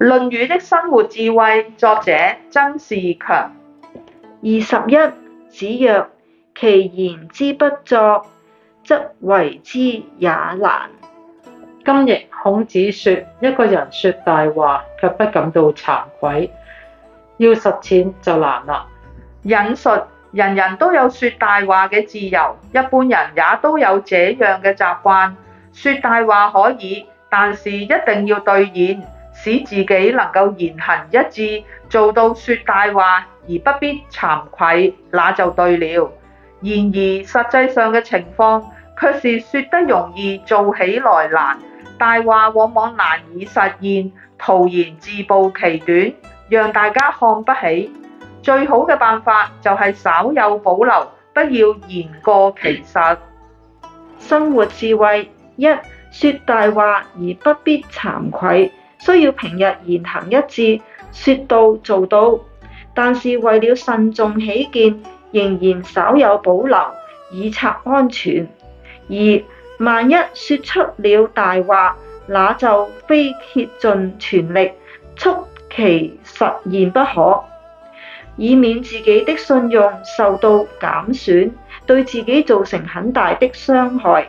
《論語》的生活智慧，作者曾仕強。二十一，子曰：其言之不作，則為之也難。今譯孔子說，一個人說大話，却不感到慚愧，要實踐就難啦。引述，人人都有說大話嘅自由，一般人也都有這樣嘅習慣。說大話可以，但是一定要兌現。使自己能夠言行一致，做到説大話而不必慚愧，那就對了。然而實際上嘅情況，卻是説得容易做起來難，大話往往難以實現，徒然自暴其短，讓大家看不起。最好嘅辦法就係稍有保留，不要言過其實。生活智慧一：説大話而不必慚愧。需要平日言行一致，說到做到，但是為了慎重起見，仍然稍有保留，以策安全。二萬一說出了大話，那就非竭盡全力促其實現不可，以免自己的信用受到減損，對自己造成很大的傷害。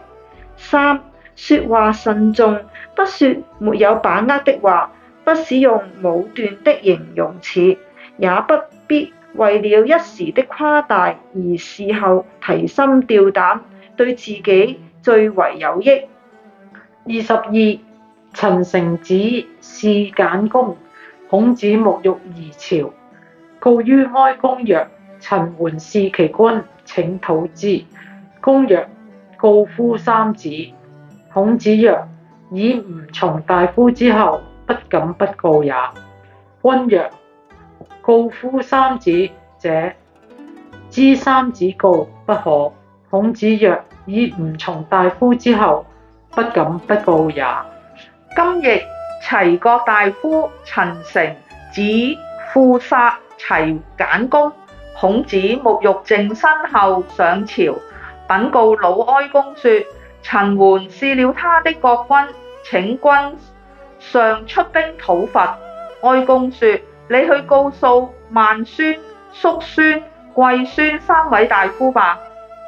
三。説話慎重，不説沒有把握的話，不使用武斷的形容詞，也不必為了一時的誇大而事後提心吊膽，對自己最為有益。二十二，陳成子弒簡公，孔子沐浴而朝，告於哀公曰：陳恆弒其君，請討之。公曰：告夫三子。孔子曰：以吾從大夫之後，不敢不告也。君曰：告夫三子者，知三子告不可。孔子曰：以吾從大夫之後，不敢不告也。今日齊國大夫陳成子弒殺齊簡公，孔子沐浴淨身後上朝，禀告魯哀公說。陳桓弒了他的國君，請君上出兵討伐。哀公說：你去告訴孟孫、叔孫、季孫三位大夫吧。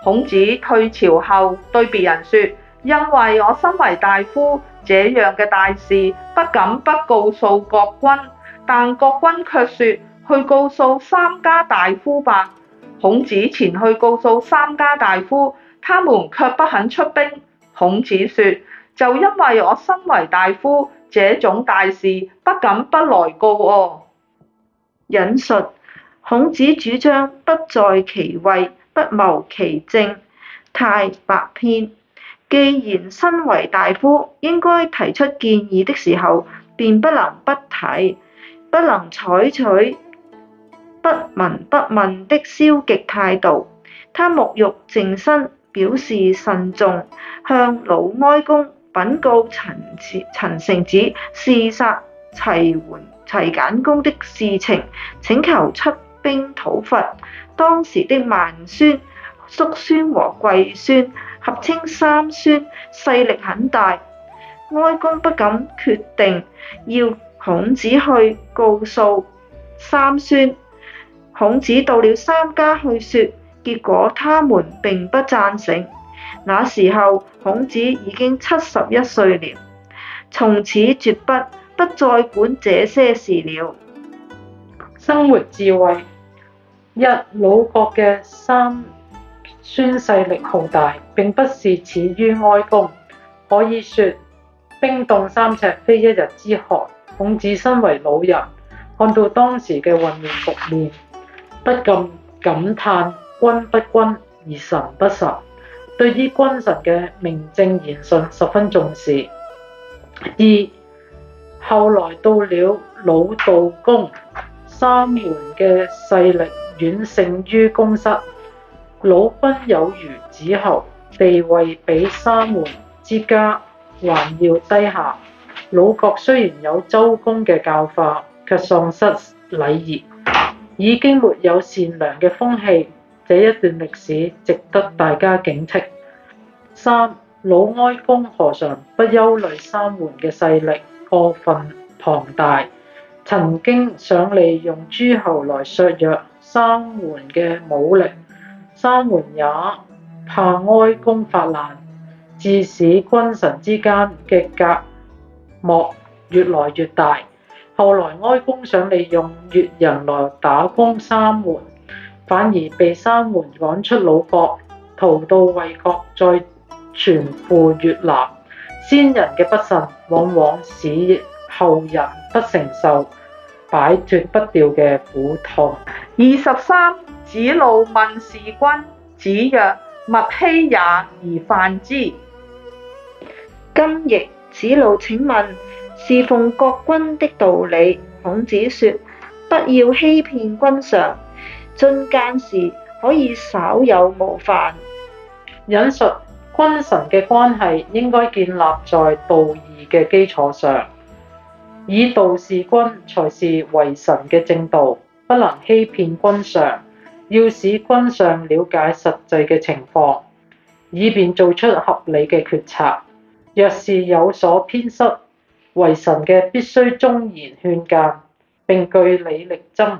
孔子退朝後對別人說：因為我身為大夫，這樣嘅大事不敢不告訴國君，但國君卻說去告訴三家大夫吧。孔子前去告訴三家大夫。他們卻不肯出兵。孔子說：就因為我身為大夫，這種大事不敢不來告哦。引述孔子主張：不在其位，不謀其政。泰伯篇。既然身為大夫，應該提出建議的時候，便不能不提，不能採取不聞不問的消極態度。他沐浴淨身。表示慎重，向魯哀公稟告陳，陳成子弑殺齊桓齊簡公的事情，請求出兵討伐。當時的孟孫、叔孫和季孫合稱三孫，勢力很大，哀公不敢決定，要孔子去告訴三孫。孔子到了三家去説。結果他們並不贊成。那時候孔子已經七十一歲了，從此絕不不再管這些事了。生活智慧一，魯國嘅三桓勢力浩大，並不是始於哀公。可以說冰凍三尺非一日之寒。孔子身為老人，看到當時嘅混亂局面，不禁感嘆。君不君而臣不臣，對於君臣嘅名正言順十分重視。二，後來到了魯悼公，三門嘅勢力遠勝於公室，魯君有如子侯，地位比三門之家還要低下。魯國雖然有周公嘅教化，卻喪失禮儀，已經沒有善良嘅風氣。這一段歷史值得大家警惕。三，老哀公何嘗不憂慮三桓嘅勢力過分龐大，曾經想利用諸侯來削弱三桓嘅武力，三桓也怕哀公發難，致使君臣之間嘅隔膜越來越大。後來哀公想利用越人來打光三桓。反而被三門趕出魯國，逃到衛國，再傳赴越南。先人嘅不慎，往往使後人不承受擺脫不掉嘅苦痛。二十三，子路問事君，子曰：勿欺也而犯之。今亦子路請問侍奉國君的道理，孔子說：不要欺騙君上。進諫時可以稍有冒犯。引述君臣嘅關係應該建立在道義嘅基礎上，以道事君才是為臣嘅正道，不能欺騙君上。要使君上了解實際嘅情況，以便做出合理嘅決策。若是有所偏失，為臣嘅必須忠言勸諫，並據理力爭。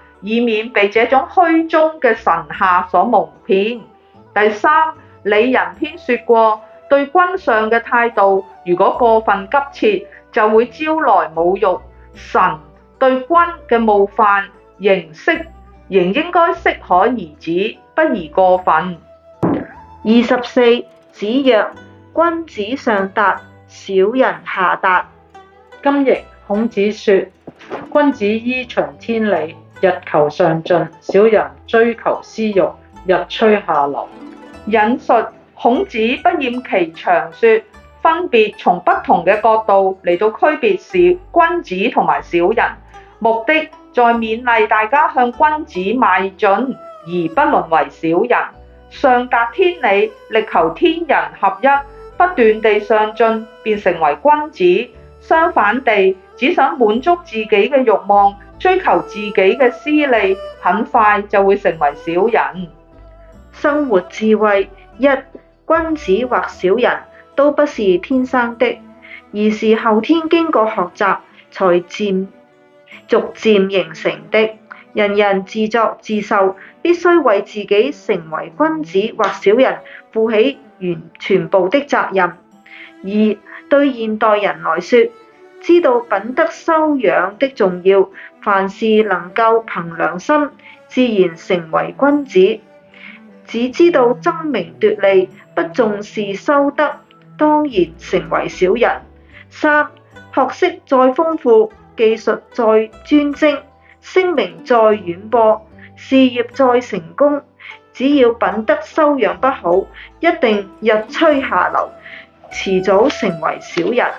以免被這種虛忠嘅臣下所蒙騙。第三，里仁篇說過，對君上嘅態度如果過分急切，就會招來侮辱。臣對君嘅冒犯，仍適，仍應該適可而止，不宜過分。二十四，子曰：君子上達，小人下達。今亦孔子說：君子依長天理。」日求上進，小人追求私欲，日趨下流。引述孔子不厭其詳説，分別從不同嘅角度嚟到區別是君子同埋小人。目的在勉勵大家向君子邁進，而不淪為小人。上達天理，力求天人合一，不斷地上進，便成為君子。相反地，只想滿足自己嘅慾望。追求自己嘅私利，很快就會成為小人。生活智慧一：君子或小人都不是天生的，而是後天經過學習才漸逐漸形成的。人人自作自受，必須為自己成為君子或小人負起全全部的責任。二，對現代人來說，知道品德修養的重要。凡事能夠憑良心，自然成為君子；只知道爭名奪利，不重視修德，當然成為小人。三，學識再豐富，技術再專精，聲名再遠播，事業再成功，只要品德修養不好，一定日趨下流，遲早成為小人。